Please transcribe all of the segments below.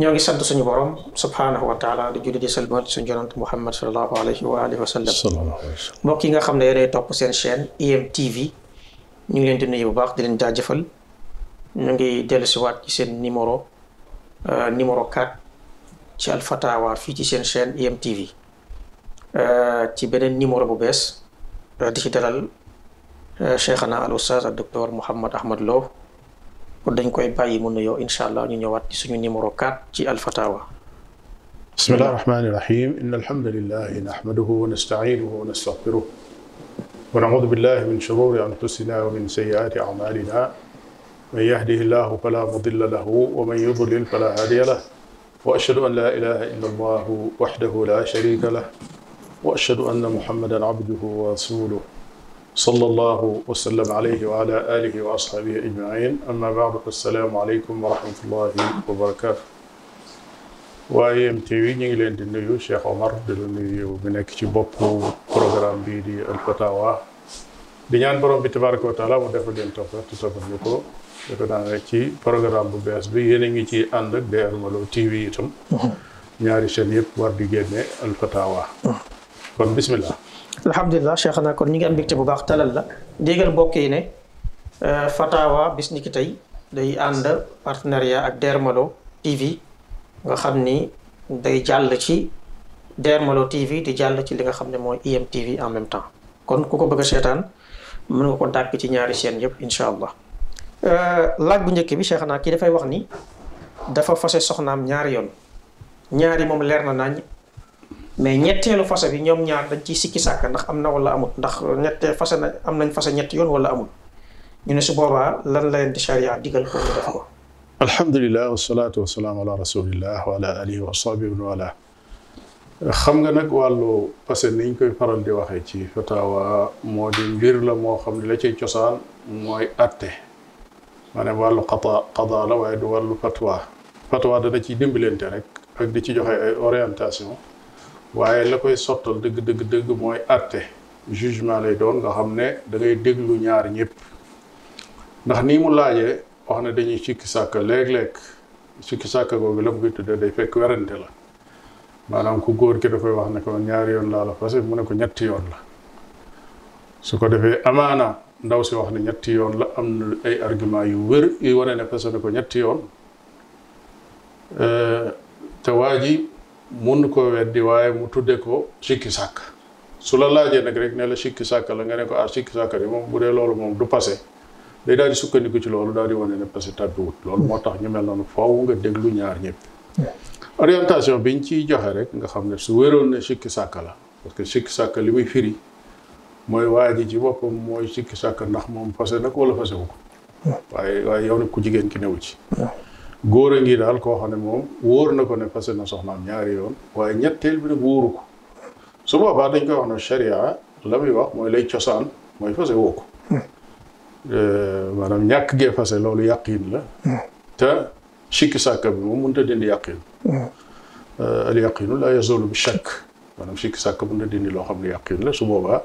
ñoo ngi sant suñu borom subhaanahu wa taala di julli di salmal suñu yonent Muhammad sallallahu alayhi wa alihi wa sallam mbokk yi nga xam ne yéenay topp seen chaîne IMTV ñu ngi leen di nuyu bu baax di leen jaajëfal ñu ngi dellu ci seen numéro euh, numéro 4 ci Alfatawa fii ci seen chaîne IMTV euh, ci beneen numéro bu bees euh, di ci dalal Cheikhana al Oustaz ak docteur Mouhammad Ahmad Lo kon dañ koy bàyyi mu nuyoo incha allah ñu ñëwaat ci suñu numéro 4 ci alfatawa bismillahi rahmani rahim inna alhamdulillahi nahmaduhu wa nasta'inuhu wa nastaghfiruh wa na'udhu billahi min shururi anfusina wa min sayyiati a'malina man yahdihillahu fala mudilla lahu wa man yudlil fala hadiya lahu wa ashhadu an la ilaha illa allah wahdahu la sharika lahu wa ashhadu anna muhammadan abduhu wa rasuluhu sallallahu wa sallam alayhi wa ala alihi wa ashaabihi ajmain amma baadu assalaamu aleykum wa rahmatullahi wa barakaatu waaye IMTV ñu ngi leen di nuyu Cheikh Omar di la nuyu bi nekk ci bopp programme bii di Al Fatawa di ñaan borom bi tabaraka wa taala mu defal leen topp te toppal ñu ko defe naa rek ci programme bu bees bi yéen a ngi ci ànd ak DR Malo TV itam ñaari chaîne yëpp war di génne Al Fatawa kon bismillah alhamdulilah cheikh naa kon ñi ngi am mbégte bu baax talal la déggal mbokk yi ne euh, Fatawa bis ni tey day ànd partenariat ak Dermalo TV nga xam ni day jàll ci Dermalo TV di jàll ci li nga xam ne mooy IMTV en même temps kon ku ko bëgg seetaan mën nga ko dàkk ci ñaari chaîne yëpp incha allah euh, laaj bu njëkk bi cheikh naa kii dafay wax ni dafa fase soxnaam ñaari yoon ñaari moom leer na nañ mais ñetteelu fase bi ñoom ñaar dañ ciy sikki sàkk ndax am na wala amul ndax ñette fase na am nañ fase ñetti yoon wala amul ñu ne su boobaa lan la leen di charia digal ko ñu ko alhamdulilah wasalaatu wasalaamu ala rasulillah wa ala alihi nga nag wàllu fase niñ koy faral di waxee ci fatawa moo la moo xam la cay cosaan mooy atte wàllu qada qada la waaye du wàllu fatwa fatwa dana ciy dimbalante rek ak di ci joxe ay orientation waaye la koy sottal dëgg dëgg dëgg mooy àtte jugement lay doon nga xam ne da ngay déglu ñaar ñëpp ndax nii mu laajee wax ne dañuy sikki sàkk léeg-léeg sikki sàkk googu la mu koy tuddee day fekk werante la maanaam ku góor ki da koy wax ne ko ñaari yoon laa la fase mu ne ko ñetti yoon la su ko defee amaana ndaw si wax ne ñetti yoon la am na ay argument yu wër yu wane ne fase ne ko ñetti yoon te waa ji mun ko weddi waaye mu tuddee ko sikki sàkk su la laajee nag rek ne la sikki sàkk la nga ne ko ah sikki sàkk de moom bu dee loolu moom du passé day daal di sukkandiku ci loolu daal di wane ne passé tàdduwut loolu moo tax ñu mel noonu faaw nga lu ñaar ñëpp bi biñ ciy joxe rek nga xam ne su wéroon ne sikki sàkk la parce que sikki sàkk li muy firi mooy waa ji ci boppam mooy sikki sàkk ndax moom passé nag wala passé wu ko waaye waaye yow nag ku jigéen ki newu ci góor a ngi daal koo xam ne moom wóor na ko ne fase na soxnaan ñaari yoon waaye ñetteel bi nag wóoru ko su boobaa dañ koy wax ne sharia la muy wax mooy lay cosaan mooy fase woo ko eh, maanaam ñàkk gee fase loolu yàqiin la te sikki sàkka bi moom mënut a dindi yàqiin eh, al yaqiinu laa yazulu bi shakk maanaam sikki sàkka mënut a dindi loo xam ne yàqiin la su boobaa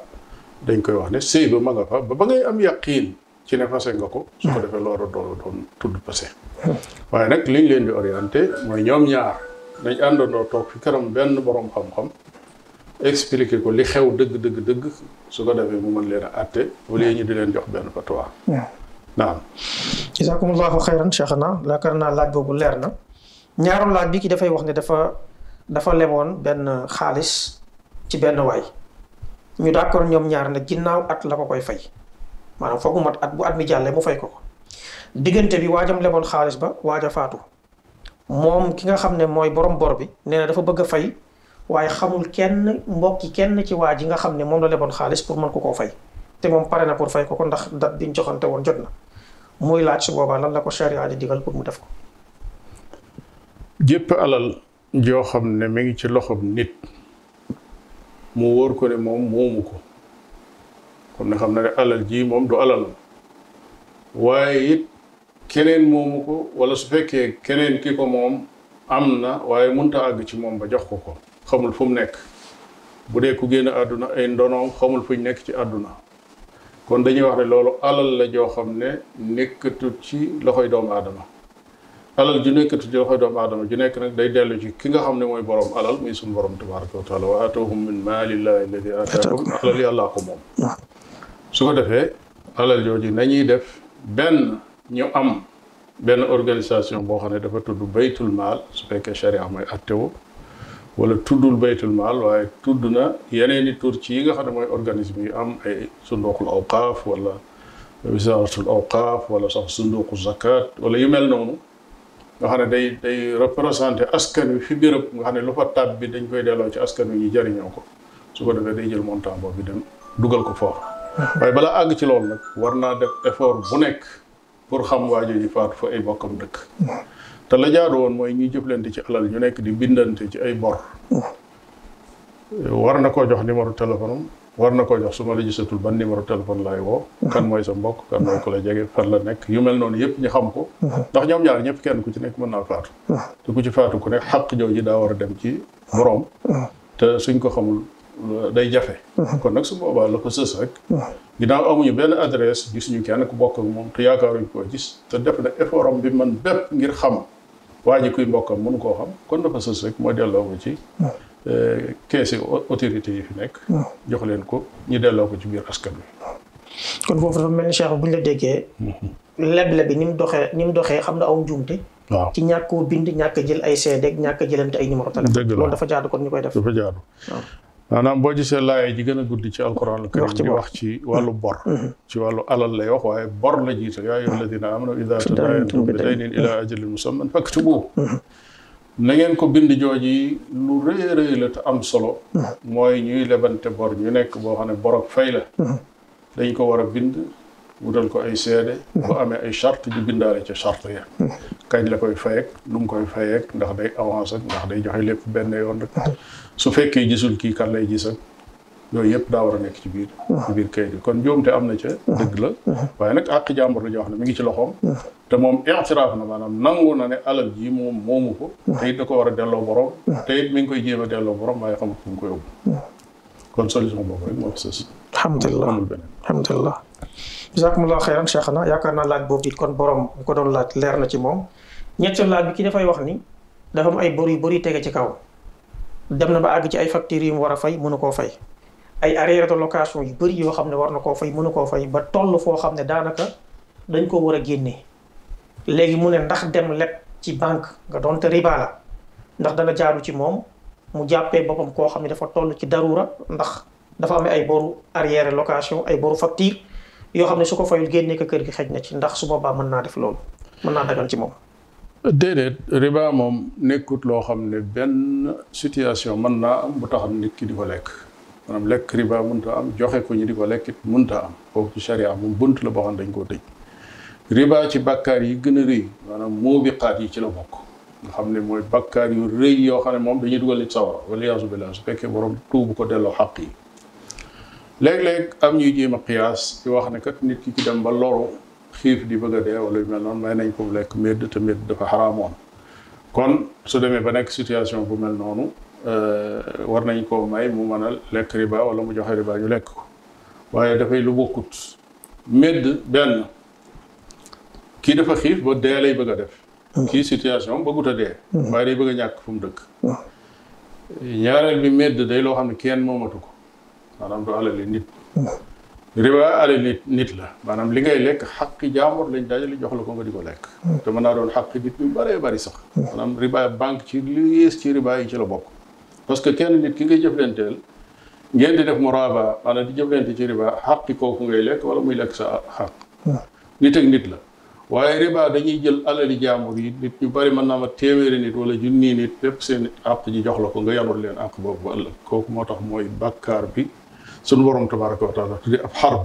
dañ koy wax ne sëy ba ma nga fa ba ba ngay am yàqiin ci ne fase nga ko su ko defee loolu doon doon tudd passé waaye nag liñ leen di orienté mooy ñoom ñaar nañ àndandoo toog fi kanam benn boroom xam-xam expliquer ko li xew dëgg dëgg dëgg su ko defee mu mën leen a àtte au lieu ñu di leen jox benn fatwa naam jazakumullahu xayran cheikhana laakar naa laaj boobu leer na ñaaru laaj bi ki dafay wax ne dafa dafa lemoon benn xaalis ci benn waay ñu d'accord ñoom ñaar ne ginnaaw at la ko koy fay maanaam foog mu at bu at mi jàllee mu fay ko ko diggante bi waajam leboon xaalis ba waaja faatu moom ki nga xam ne mooy borom bor bi nee na dafa bëgg a fay waaye xamul kenn mbokki kenn ci waa ji nga xam ne moom la leboon xaalis pour mën ko koo fay te moom pare na pour fay ko ko ndax date biñ joxante woon jot na muy laaj su boobaa lan la ko charia di digal pour mu def ko. jépp alal joo xam ne mu ngi ci loxob nit mu wóor ko ne moom moomu ko. kon na xam na ne alal ji moom du alalam waaye it keneen moomu ko wala su fekkee keneen ki ko moom am na waaye munta àgg ci moom ba jox ko ko xamul fu mu nekk bu dee ku génn àdduna ay ndonoom xamul fuñ nekk ci àdduna kon dañuy wax ne loolu alal la joo xam ne nekkatu ci loxoy doomu adama alal ju nekkatu ci loxoy doomu aadama ju nekk nag day dellu ci ki nga xam ne mooy borom alal muy sum borom tabaraka wa taala wa alal yàllaa ko moom su ko defee alal jooju nañuy def benn ñu am benn organisation boo xam ne dafa tudd baytul maal su fekkee charia mooy attewu wala tuddul baytul maal waaye tudd na yeneen i tur ci yi nga xam ne mooy organisme yi am ay sunduqul awqaaf wala wisaaratul awqaaf wala sax sunduqu zakat wala yu mel noonu nga xam ne day day représenté askan wi fi biir bérëb nga xam ne lu fa tab bi dañ koy delloo ci askan wi ñu jariñoo ko su ko defee day jël montant boobu dem dugal ko foofu waaye balaa àgg ci loolu nag war naa def effort bu nekk pour xam waa jooju faatu fa ay bokkam dëkk. te la jaadu woon mooy ñuy jëflante ci alal ñu nekk di bindante ci ay bor. war na koo jox numéro téléphone am war na koo jox suma ma la ban numéro téléphone laay woo. kan mooy sa mbokk kan mooy ko la jege fan la nekk yu mel noonu yëpp ñu xam ko. ndax ñoom ñaar ñëpp kenn ku ci nekk mën naa faatu. te ku ci faatu ku nekk xaq jooju daa war a dem ci boroom. te suñ ko xamul day jafe. kon nag su boobaa la ko sës rek. ginnaaw amuñu benn adresse suñu kenn ku bokk ak moom te yaakaaruñ koo gis te def na effort am bi man bépp ngir xam waa kuy mbokkam mënu koo xam kon la ko sës rek mooy delloo ko ci. keesi eh, autorité yi fi nekk. jox leen ko ñu delloo ko ci biir askan bi kon foofu dafa mel ni bu ñu la déggee. leble bi ni doxee ni doxee xam na aw njuumte. waaw ci ñàkk koo bind ñàkk jël ay seede ñàkk jëlante ay numéro téléphone. dëgg dafa jaadu kon ñu koy def. maanaam boo gisee laaya ji gën a guddi ci alquran karim di wax ci wàllu bor mm-hmm. ci wàllu alal lay wax waaye bor la jiital yaa ayyuha alladina amanu ida tadayantum bi daynin ila mm-hmm. ajalin musamman faktubu mm-hmm. na ngeen ko bind jooji lu rëy la te am solo mooy ñuy lebante bor ñu nekk boo xam ne borog fay la dañ ko war a bind wutal ko ay seede bu amee ay charte ñu bindaale ca charte ya kañ la koy fayeek lu mu koy fayeek ndax day avancé ndax day joxe lépp benn yoon rek su fekkee gisul kii kan lay gis ak yooyu yëpp daa war a nekk ci biir ci biir kayit bi kon njuumte am na ca dëgg la waaye nag àq jàmbur la joo xam ne mi ngi ci loxoom te moom itiraaf na maanaam nangu na ne alal ji moom moomu ko te it da ko war a delloo borom te it mi ngi koy jéem delloo borom waaye xamut fu mu ko yóbbu kon solution boobu rek moo fi sës alhamdulilah alhamdulilah jazakumullah xeyran na yaakaar naa laaj boobu it kon borom ko doon laaj leer na ci moom ñetteel laaj bi ki dafay wax ni dafa am ay bor yu bëri tege ci kaw dem na ba àgg ci ay factures yu mu war a fay mënu koo fay ay arriérés location yu bëri yoo xam ne war na koo fay mënu koo fay ba toll foo xam ne daanaka dañ ko war a génne léegi mu ne ndax dem leb ci banque nga doonte riba la ndax dana jaaru ci moom mu jàppee boppam koo xam ne dafa toll ci daruura ndax dafa am ay boru arriéré ay boru facture yoo xam ne su ko fayul génnee ko kër gi xej na ci ndax su boobaa mën naa def loolu mën naa dagan ci moom. déedéet riba moom nekkut loo xam ne benn situation mën naa am bu taxam nit ki di ko lekk maanaam lekk riba mënta am joxe ko ñu di ko lekk it mënta am kooku ci sharia moom bunt la boo xam ne dañ koo tëj. riba ci bakkaar yi gën a rëy maanaam muubiqaat yi ci la bokk nga xam ne mooy bakkaar yu rëy yoo xam ne moom dañuy dugal nit sawara wala yaasu billah su fekkee borom tuubu ko delloo xaq yi. léeg-léeg am ñuy jéem a xiyaas ci wax ne kat nit ki ci dem ba loru xiif di bëgg a dee wala yu mel noonu may nañ ko lekk médd te médd dafa xaraamoon kon su demee ba nekk situation bu mel noonu euh, war nañ koo may mu mën a lekk riba wala mu joxe riba ñu lekk ko waaye dafay lu bokkut médd benn kii dafa xiif ba dee lay bëgg a def hmm. kii situation bëggut a dee hmm. waaye day bëgg ñàkk fu mu dëkk hmm. ñaareel bi médd day loo xam ne kenn moomatu ko maanaam du alali nit riba alali nit la maanaam li ngay lekk xaqi jaamur lañ dajale jox la ko nga di ko lekk te mën naa doon xaqi nit yu bëree bëri sax maanaam riba banque ci li yées ci ci la bokk parce que kenn nit ki ngay jëflanteel ngeen di def muraaba maanaam di jëflante ci riba xaqi kooku wala muy lekk sa xaq nit ak nit la waaye riba dañuy jël alali jaamur yi nit ñu bari mën naa ma téeméeri nit wala junni nit lépp seen àq ji jox la ko nga yanul leen àq boobu ëllëg kooku moo tax mooy bàkkaar bi suñu borom tabaraka wa taala tudde ab xarb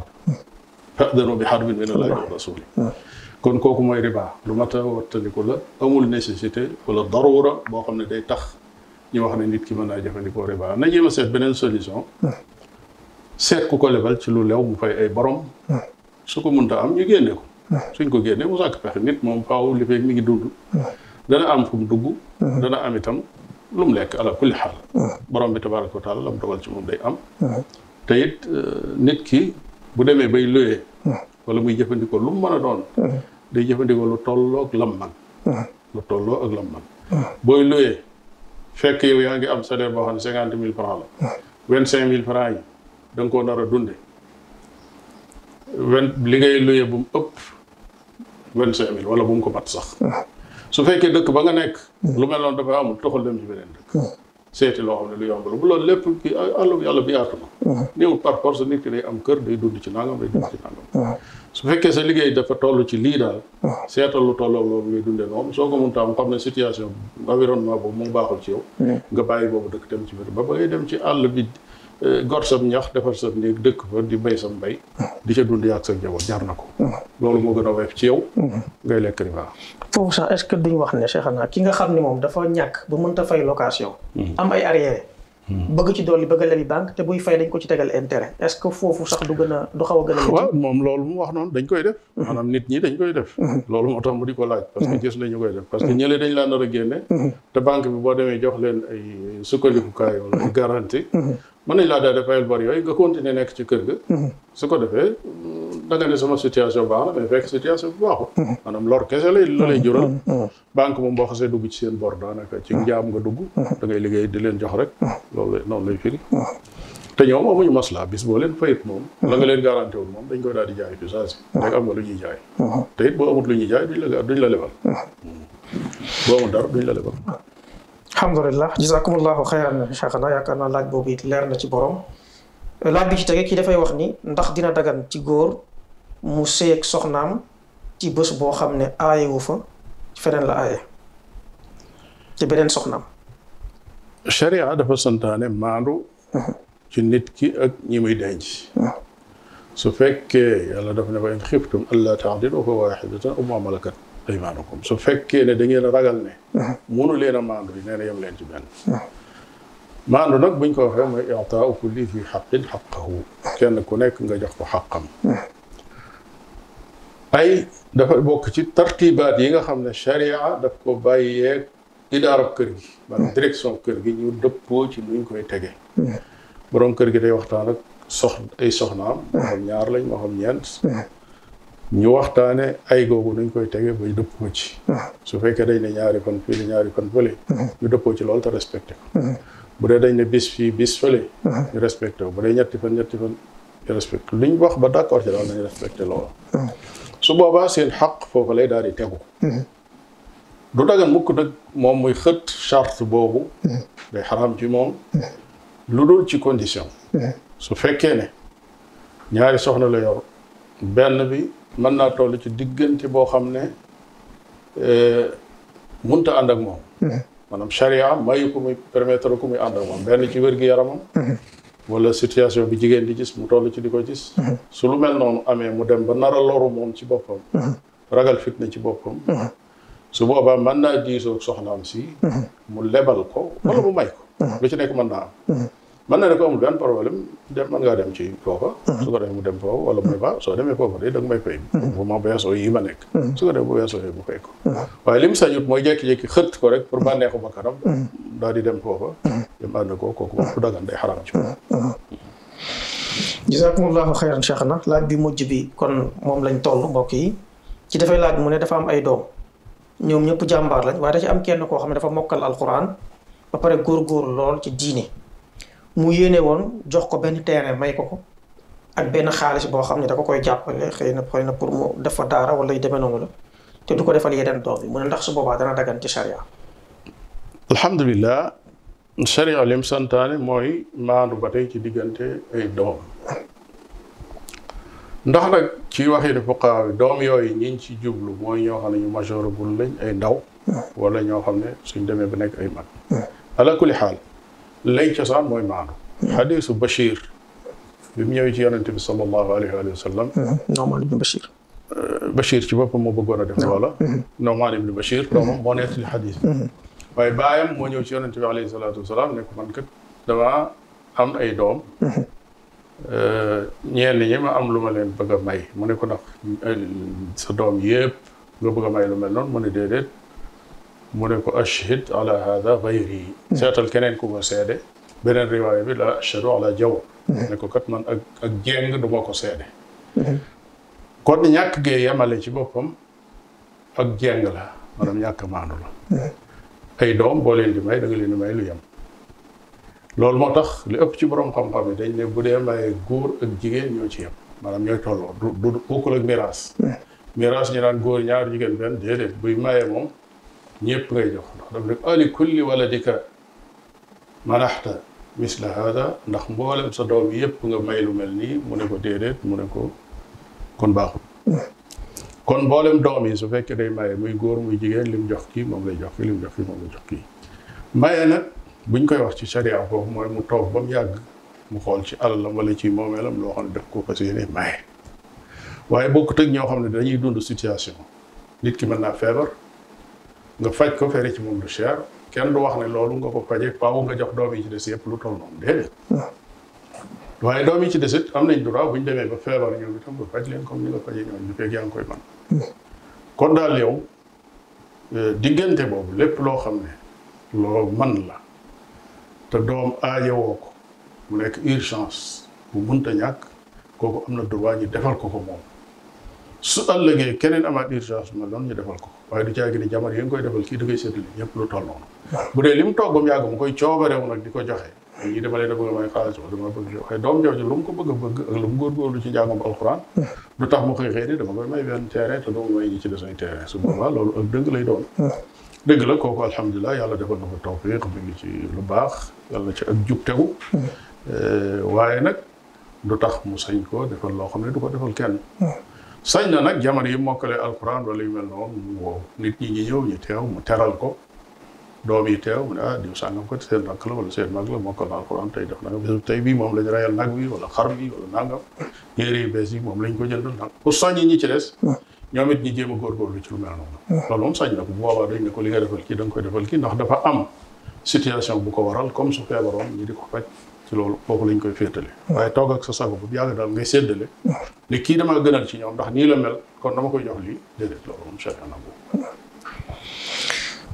fadano bi xarbin min allahi wa rasuli kon kooku mooy riba lu mat a wattaliku la amul nécessité wala darura boo xam ne day tax ñu wax ne nit ki mën naa jëfandikoo riba na jéem a seet beneen solution seet ku ko lebal ci lu lew mu fay ay borom su ko ta am ñu génne ko suñ ko génnee mu pexe nit moom faaw li fekk mi ngi dund dana am fu mu dugg dana am itam lu mu lekk ala kulli xaal borom bi tabaraka wa taala la mu dogal ci moom day am te it eh, nit ki bu demee bay luyee hmm. wala muy jëfandikoo lu mu mën a doon hmm. day jëfandikoo lu tolloo hmm. ak lam man lu tolloo ak lam booy luyee fekk yow yaa ngi am salaire boo xam ne cinquante mille francs la vingt cinq mille francs yi da koo nar a dunde vingt li ngay luyee bu mu ëpp vingt cinq mille wala bu mu ko mat sax su fekkee dëkk ba nga nekk lu mel noonu amul toxal dem ci beneen dëkk seeti loo xam ne lu yomb la bu loolu lépp kii àllu yàlla bi yaatu na. néew par force nit ki day am kër day dund ci nangam day dund ci nangam. su fekkee sa liggéey dafa toll ci lii daal. seetal lu tolloo loolu ngay dundee noonu soo ko mun taam xam ne situation environnement boobu mu baaxul ci yow. nga bàyyi boobu dëkk dem ci biir ba ba ngay dem ci àll bi. Euh, gor sam ñax defar sam néeg dëkk fa di bay sam bay di ca dund yàgg sa njaboot jar na ko loolu moo gën a woyof ci yow ngay lekk riba foofu sax est-ce que duñ wax ne Cheikh Ana ki nga xam ne moom dafa ñàkk ba mënta fay location hmm. am ay arriéré bëgg ci dolli bëgg a lebi banque te buy fay dañ ko ci tegal intérêt. est-ce que foofu sax du gën du xaw a gën a. moom loolu mu wax noonu dañ koy def. Mhm. maanaam nit ñi dañ koy def. Mhm. loolu moo tax mu di ko laaj. parce que mhm. gis nañu koy def parce que ñële dañ laa nar a génne. te banque bi boo demee jox leen ay sukkandikukaay wala ay garantie. mën nañ laa daal di fayal bor yooyu nga continuer nekk ci kër ga. su ko defee da nga ne sama situation baax na mais fekk situation bu baaxul. maanaam lor kese lay la lay jural. banque moom boo xasee dugg ci seen bor daanaka ci njaam nga dugg. da liggéey di leen jox rek. loolu lay noonu lay firi. te ñoom amuñu maslaa bis boo leen fayit moom. la nga leen garanti woon moom dañ koy daal di jaay ci saa si. rek am lu ñuy jaay. te it boo amut lu ñuy jaay duñ la la lebal. boo amul dara duñ la lebal. alhamdulilah jazakumullahu xayran cheikhana yaakaar naa laaj boobu na ci borom. laaj bi ci tege kii mu sëy ak soxnaam ci bés boo xam ne aayewu fa feneen la aaye ci beneen soxnaam. sharia dafa santaane maandu. Mhm. ci nit ki ak ñi muy denc. Mhm. su fekkee yàlla dafa ne wa in xiftum allaa taadilu fa waaxidatan aw maa malakat aymaanukum su fekkee ne da ngeen a ragal ne. Mhm. munu leen a maandu yi nee na yem leen ci benn. maandu nag buñ ko waxee mooy itaau kulli fi xaqin xaqahu kenn ku nekk nga jox ko xaqam. ay dafa bokk ci tartibaat yi nga xam ne sharia daf ko bàyyeeg idaarab kër gi maanaam mm. direction kër gi ñu dëppoo ci luñ koy tegee mm. boroom kër gi day waxtaan ak sox ay soxnaam moo mm. xam ñaar lañ moo xam ñeent ñu waxtaane ay googu nuñ koy tege bay dëppoo ci su fekkee dañ ne ñaari fan fii ñaari fan fële ñu dëppoo ci loolu te respecté ko bu dee dañ ne bis fii bis fële ñu respecté ko bu dee ñetti fan ñetti fan ñu respecté luñ wax ba d'accord ci daal nañ respecté loo su boobaa seen xaq foofu lay daal di tegu. du dagan mukk nag moom muy xët chart boobu. day xaraam ci moom. lu dul ci condition. su fekkee ne ñaari soxna la yor benn bi mën naa toll ci diggante boo xam ne eh, munta ànd ak moom. Hmm. maanaam charia mayu ko muy permettre ko muy ànd ak moom benn ci wér-gi-yaramam. Hmm. wala situation bi jigéen di gis mu toll ci di ko gis mhm. su lu mel noonu amee mu dem ba nara a loru moom ci boppam mhm. ragal fitna ci boppam mhm. su boobaa mën naa diisoog soxnaam si mu lebal ko wala mu may ko lu ci nekk mën naa am mën na ne ko amul benn problème dem mën ngaa dem ci kooka su ko defee mu dem foofu wala muy ba soo demee foofa de da nga may fay bu ma weesoo yi ma nekk su ko defee bu weesoo yi mu fay ko waaye li mu sañut mooy jékki-jékki xët ko rek pour bànneexu ba kanam daal di dem foofa dem ànd ko kooku moom du dagan day xaraam ci moom. laaj bi mujj bi kon moom lañ toll mbokk yi ci dafay laaj mu ne dafa am ay doom ñoom ñëpp jàmbaar lañ waaye da ci am kenn koo xam ne dafa mokkal alquran ba pare góor lool ci diine mu yéene woon jox ko benn terrain may ko ko ak benn xaalis boo xam ne dafa koy jàppale xëy na xëy na pour mu def fa daara wala deme demee noonu la te du ko defal yeneen doom yi mu ne ndax su boobaa dana dagan ci charia. sariya lim santaane mooy maandu ba ci diggante ay doom ndax nag ci waxi fuqaa bi doom yooyu ñi ci jublu mooy ñoo ne ñu majeur gul lañ ay ndaw wala ñoo xam ne suñ demee ba nekk ay mag ala kulli xaal lay cosaan mooy maandu xadiisu Bachir bi mu ñëwee ci yonente bi sallallahu alayhi wa sallam Nu'man ibn ci boppam moo bëggoon a def loola Nu'man ibn Bachir doomam moo nettali xadiis bi waaye baayam moo ñëw ci yonente bi alayhi salaatu wasalaam ne ko man am ay doom ñenn ñi ma am lu ma leen bëgg a may mu ne ko ndax sa doom yëpp nga bëgg may lu mel noon mu ne déedéet mu ne ko ashhid ala hada gayri seetal keneen ku ko seede beneen riwaaya bi la ashhadu ala jaw ne ko kat man ak ak du ma ko seede kon ñàkk gee yemale ci boppam ak jéng la maanaam ñàkk maandu la ay doom boo leen di may da leen di may lu yem loolu moo tax li ëpp ci borom xam-xam yi dañ ne bu dee maye góor ak jigéen ñoo ci yem maanaam ñooy tolloo du du bokkul ak miraas miraas ñu naan góor ñaar jigéen benn déedéet buy maye moom ñëpp ngay jox ndax daf nekk ali kulli wala dika manaxta misla hada ndax mboolem sa doom yëpp nga may lu mel nii mu ne ko déedéet mu ne ko kon baaxul kon mboolem doom yi su fekkee day maye muy góor muy jigéen lim jox kii moom lay jox kii lim jox kii moom lay jox kii maye nag buñ koy wax ci sharia foofu mooy mu toog ba mu yàgg mu xool ci alalam wala ci moomeelam loo xam ne daf ko fas yéene maye waaye bokkut ak xam ne dañuy dund situation nit ki mën naa feebar nga faj ko fere ci moom lu cher kenn du wax ne loolu nga ko faje paawu nga jox doom yi ci des yëpp lu toll noonu déedéet waaye doom yi ci desit am nañ droit bu ñu demee ba feebar ñoom itam ba faj leen comme ni nga fajee ñoom ñu fekk yaa ngi koy man kon daal yow euh, diggante boobu lépp loo xam ne loo man la te doom aajowoo ko mu nekk urgence bu munta ñàkk kooku am na droit ñu defal ko ko moom su ëllëgee keneen amaat urgence ma doon ñu defal ko waaye du caagi ni jamono yi nga koy defal kii da koy séddale ñëpp lu toll noonu bu dee li mu toog ba mu yàgg mu koy coobarewu di ko joxe lii dama lay def mooy xaalis ba dama bëgg joxe doom jooju lu mu ko bëgg a bëgg ak lu mu góorgóorlu ci jàngum alxuraan. du tax mu koy xëy ni dama koy may benn terrain te dama may ñi ci des ay terrain su boobaa loolu ak dëgg lay doon. dëgg la kooku alhamdulilah yàlla defal na ko tawfiq mi ngi ci lu baax yàlla na ci ak jub tegu. Eh, waaye nag du tax mu sañ ko defal loo xam ne du ko defal kenn. sañ na nag jamono yi mokkale alxuraan wala yu mel noonu mu nit ñi ñu ñëw ñu teew mu teral ko. doom yi teew mu ne ah diw sàngam kat seen rakk la wala seen mag la mokkal na alxuraan tey def nangam bisu tey bii moom lañ rayal nag bi wala xar bi wala nangam yére yu yi moom lañ ko jëndal nag pour soññi ñi ci des hmm. ñoom it ñi jéem a góorgóorlu ci lu mel noonu hmm. sañ na ko bu dañ ne ko li nga defal kii da koy defal kii ndax dafa am situation bu ko waral comme su feebaroon ñi di ko faj ci lañ koy féetale hmm. waaye toog ak sa sago bu yàgg daal ngay séddale nit kii dama gënal ci ñoom ndax nii la mel kon dama koy jox lii déedéet loolu moom seet na boobu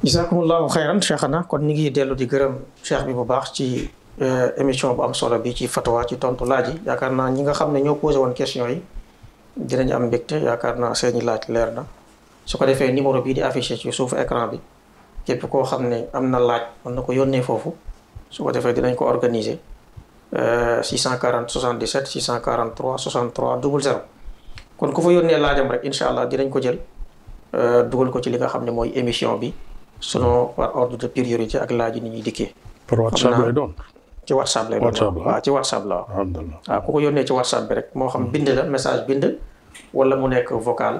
jazakumullahu xayran cheikhana kon ñu ngi dellu di gërëm cheikh bi bu baax ci euh, émission bu am solo bi ci fatawa ci tontu laaj yi yaakaar naa ñi nga xam ne ñoo posé woon question yi dinañ am mbégte yaakaar naa seeni laaj leer na su ko defee numéro bii di affiché ci suuf écran bi képp koo xam ne am na laaj mën na ko yónnee foofu su ko defee dinañ ko organiser 640 77 643 63 00 kon ku fa yónnee laajam rek incha allah dinañ ko jël euh, dugal ko ci li nga xam ne mooy émission bi selon par ordre de priorité ak laaj yi ni ñuy dikkee. pour WhatsApp lay doon. ci WhatsApp lay doon waaw ci WhatsApp la waaw. alhamdulilah waaw ku ko yónnee ci WhatsApp bi rek moo xam hmm. bind la message bind wala mu nekk vocal.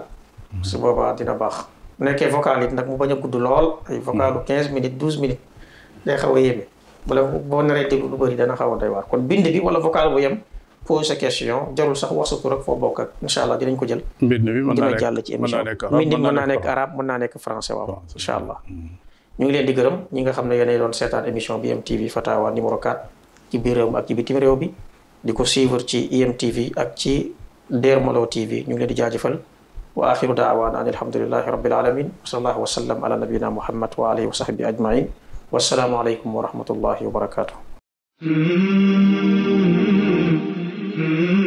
Hmm. su boobaa dina baax. bu nekkee vocal it nag mu bañ a gudd lool. ay vocalu hmm. 15 minutes 12 minutes day xaw a yéeme. wala boo naree déglu lu bëri dana xaw a doy waar kon bind bi wala vocal bu yem. posé question jarul sax wax sa tur ak foo bokk ak incha allah dinañ ko jël. mbind mi mën naa nekk dina jàll nekk français waaw incha allah. ñu ngi leen di ñi nga xam ne yéenay doon seetaan émission bi IMTV Fatawa numéro 4 ci biir mi ak ci bitim bi di ko suivre ci IMTV ak ci Dermalo TV ñu ngi leen di jaajëfal wa axiru daawaana an alhamdulillahi rabbil alamin wa sallallahu wa wa alihi wa sahbi Mm-hmm.